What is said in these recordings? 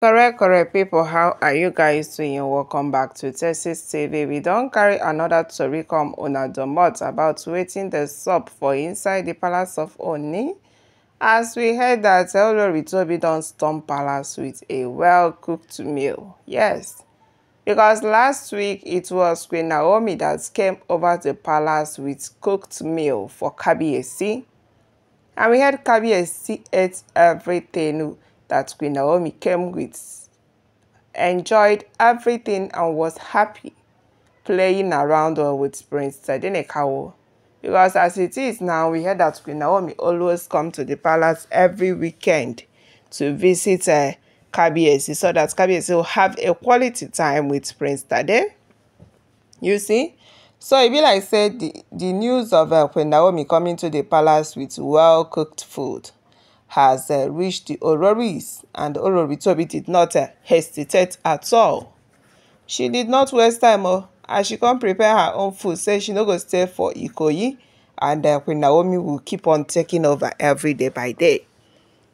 correct correct people. how are you guys doing welcome back to texas tv we don't carry another tori come on una domot about waiting the sup for inside the palace of oni as we heard dat olori tobi don storm palace with a well cooked meal yes because last week it was queen naomi that came over the palace with cooked meal for kabiyesi and we heard kabiyesi ate everything that Queen Naomi came with, enjoyed everything and was happy playing around with Prince Tadenekawo. Because as it is now, we had that Queen Naomi always come to the palace every weekend to visit uh, Kabiesi so that Kabiesi will have a quality time with Prince Tade. You see? So it be like I said, the, the news of uh, Queen Naomi coming to the palace with well-cooked food has uh, reached the Ororis, and Ororitobi did not uh, hesitate at all. She did not waste time oh, as she come prepare her own food, say she no go stay for Ikoyi, and uh, Queen Naomi will keep on taking over every day by day.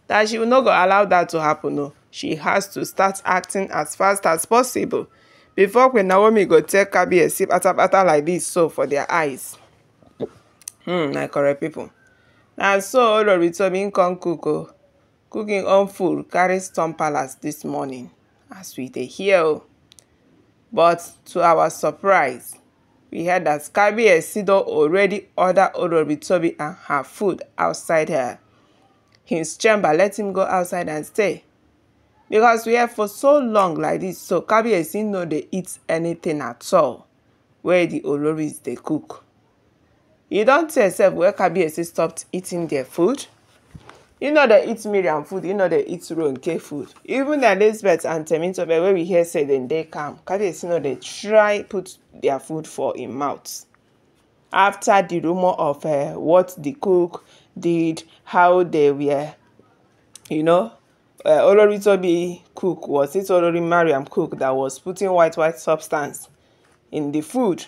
That she will not go allow that to happen. Oh. She has to start acting as fast as possible before Queen Naomi go take Kabi a sip atapata like this so for their eyes. Hmm, my correct people na so oloritomi come cook o oh. cook im own food carry storm palace dis morning as we dey hear o oh. but to our surprise we hear that kabiyesi don already order oloritomi and her food outside her his chamber let him go outside and stay because we hear for so long like this so Kabi kabiyesi no dey eat anything at all wey the oloris dey cook You don't tell where wey kabiyesi stop eating their food You know they eat miriam food You know they eat ronke food even elizabeth and temitope where we hear say dem dey calm kabiyesi know they try put their food for in mouth after the rumor of uh, what the cook did how they were you know uh, Olori Tobi cook was it Olori Mariam cook that was putting white white substance in the food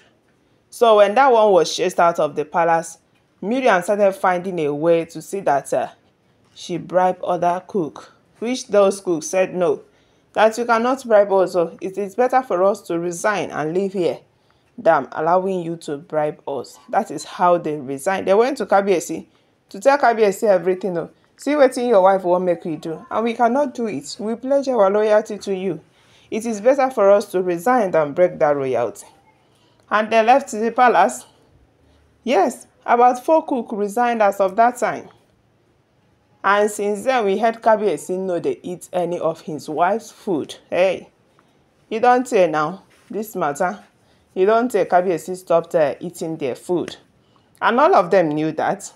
So when that one was chased out of the palace, Miriam started finding a way to see that uh, she bribed other cook, which those cooks said no, that you cannot bribe also. Oh. It is better for us to resign and live here than allowing you to bribe us. That is how they resigned. They went to Kabiesi to tell Kabiesi everything. Oh, see what your wife won't make you do and we cannot do it. We pledge our loyalty to you. It is better for us to resign than break that royalty and then left the palace? Yes, about four cook resigned as of that time. And since then, we heard Kabiyesi no They eat any of his wife's food. Hey, you don't say now, this matter. You don tey Kabiyesi stopped uh, eating their food. And all of them knew that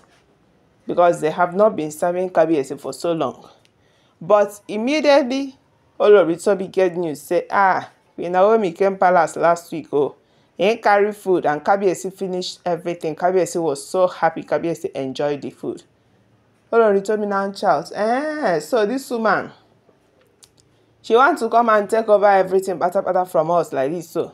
because they have not been serving Kabiyesi for so long. But immediately, Olori Tobi get news say, ah, we Queen we came palace last week, oh. He carried food and Kábíyèsí finished everything. Kábíyèsí was so happy. Kábíyèsí enjoyed the food. Olori told me now, Charles, eh, so this woman, she wants to come and take over everything pata pata from us like this, so.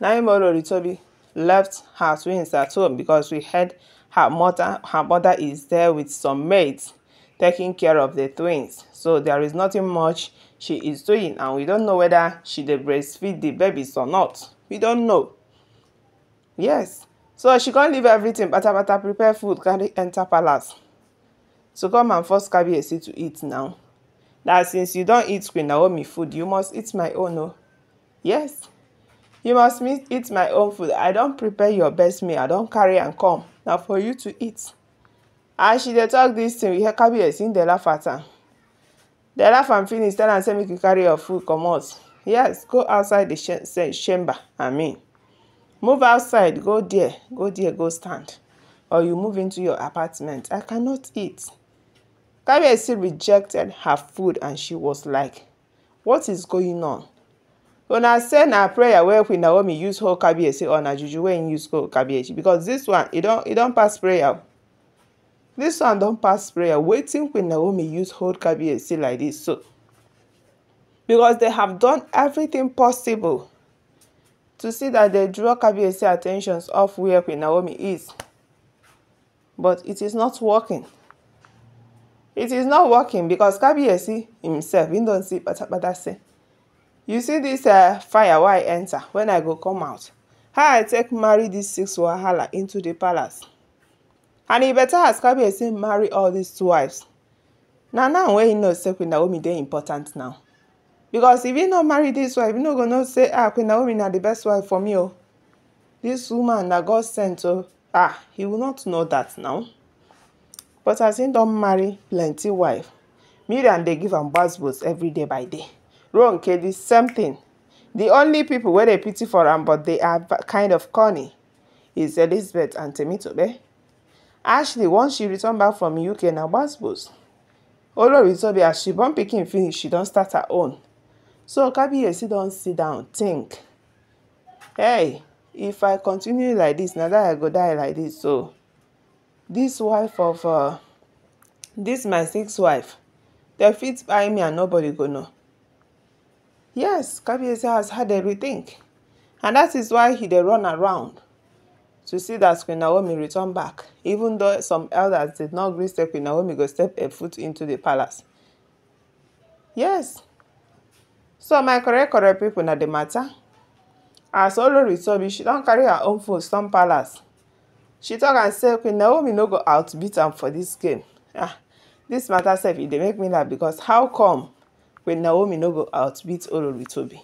now, Olori Tobi left her twins at home because we heard her mother, her mother is there with some maids taking care of the twins. So there is nothing much she is doing and we don't know whether she breastfeed the babies or not. we don't know yes so she can't leave everything patapata prepare food carry enter palace So come and force kabiyesi to eat now that since you don't eat queen naomi food you must eat my own oh. yes you must eat my own food i don't prepare your best meal i don't carry and come now for you to eat as she dey talk dis thing we hear kabiyesi dey laugh at her. dey laugh and finish tell and say make you carry your food come comot Yes, go outside the sh chamber. I mean, move outside. Go there. Go there. Go stand. Or you move into your apartment. I cannot eat. Kabiyesi rejected her food and she was like, What is going on? When I send na prayer where Queen Naomi use hold say, or na juju wey you use hold Kabiyesi because this one don't you don't pass prayer. This one don't pass prayer. Waiting Queen Naomi use hold say like this so because they have done everything possible to see that they draw Kabiesi attentions off where Queen Naomi is. But it is not working. It is not working because Kabiesi himself, he don't see patapata say. You see this uh, fire Why I enter, when I go come out. How I take marry these six Wahala into the palace. And he better ask Kabiesi marry all these wives. Now, now, where he knows Queen Naomi, they important now. because if you not marry this wife you not gonna say ah queen naomi na the best wife for me oh, this woman that god sent oh, ah he will not know that now but as he don't marry plenty wife miriam they give him gbazgbos every day by day Wrong, ronke the same thing the only people where they pity for him, but they are kind of corny is elizabeth and temitope Actually, once she returned back from uk now gbazgbos olori tobi as she born pikin finish she don't start her own so kabiyesi don sit down think hey if i continue like this, na die i go die like this. so this wife of uh, dis my sixth wife dem fit by me and nobody go know yes kabiyesi has had everything and that is why he dey run around to see that queen naomi return back even though some elders did not gree say queen naomi go step a foot into the palace yes so my correct correct people na the matter as oloritobi she don't carry her own phone some palace she talk and say queen naomi no go outbeat beat for this game ah dis matter sef e make me laugh because how come queen naomi no go outbeat out beat oloritobi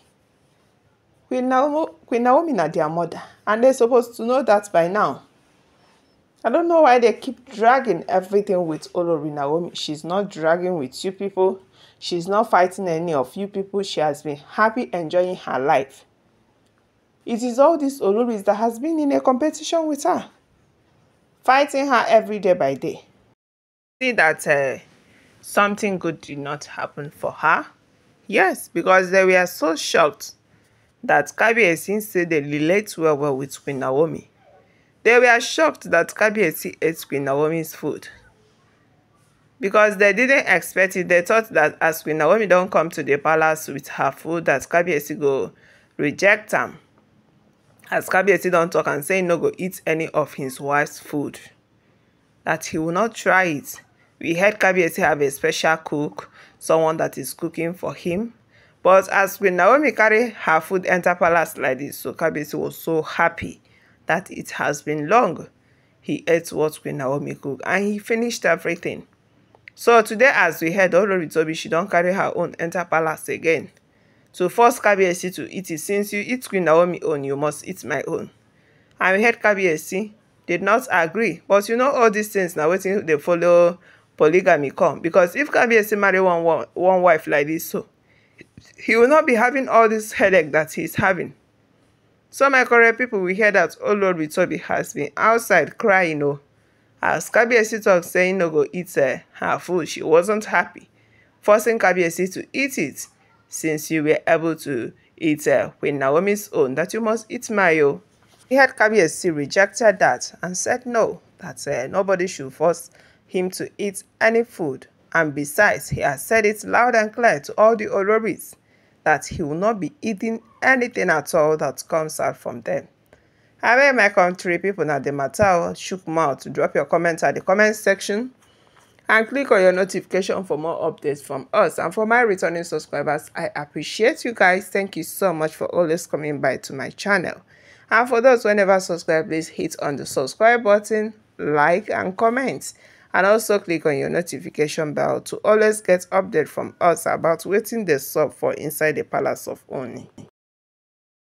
queen naomi na their mother and dem supposed to know that by now i don't know why they keep dragging everything with olori naomi she's not dragging with you people." She's not fighting any of you people. She has been happy enjoying her life. It is all this Oloris that has been in a competition with her, fighting her every day by day. See that uh, something good did not happen for her? Yes, because they were so shocked that Kabi Kabiyesi said they relate well well with Queen Naomi. They were shocked that Kabiyesi ate Queen Naomi's food. because they didn't expect it. They thought that as Queen Naomi don't come to the palace with her food, that Kabiesi go reject them. As Kabiesi don't talk and say no go eat any of his wife's food. That he will not try it. We heard Kabiesi have a special cook, someone that is cooking for him. But as Queen Naomi carry her food enter palace like this, so Kabiesi was so happy that it has been long. He ate what Queen Naomi cooked and he finished everything. so today as we heard olori she don carry her own enter palace again to force kabiyesi to eat it since you eat queen naomi own you must eat my own and we heard kabiyesi did not agree but you know all these things na wetin dey follow polygamy come because if kabiyesi marry one, one one wife like this so he will not be having all this headache that he's having so my correct people we hear that olori tobi has been outside crying o. Oh. You know, As Kabiesi talked saying no go eat uh, her food, she wasn't happy, forcing Kabiesi to eat it since you were able to eat uh, eh, when Naomi's own that you must eat mayo. Oh. He had Kabiesi rejected that and said no, that uh, nobody should force him to eat any food. And besides, he has said it loud and clear to all the Oloris that he will not be eating anything at all that comes out from them abeg my country people now the matter o oh. mouth drop your comments at the comment section and click on your notification for more updates from us and for my returning subscribers i appreciate you guys thank you so much for always coming by to my channel and for those who never subscribe please hit on the subscribe button like and comment and also click on your notification bell to always get update from us about waiting the sub for inside the palace of oni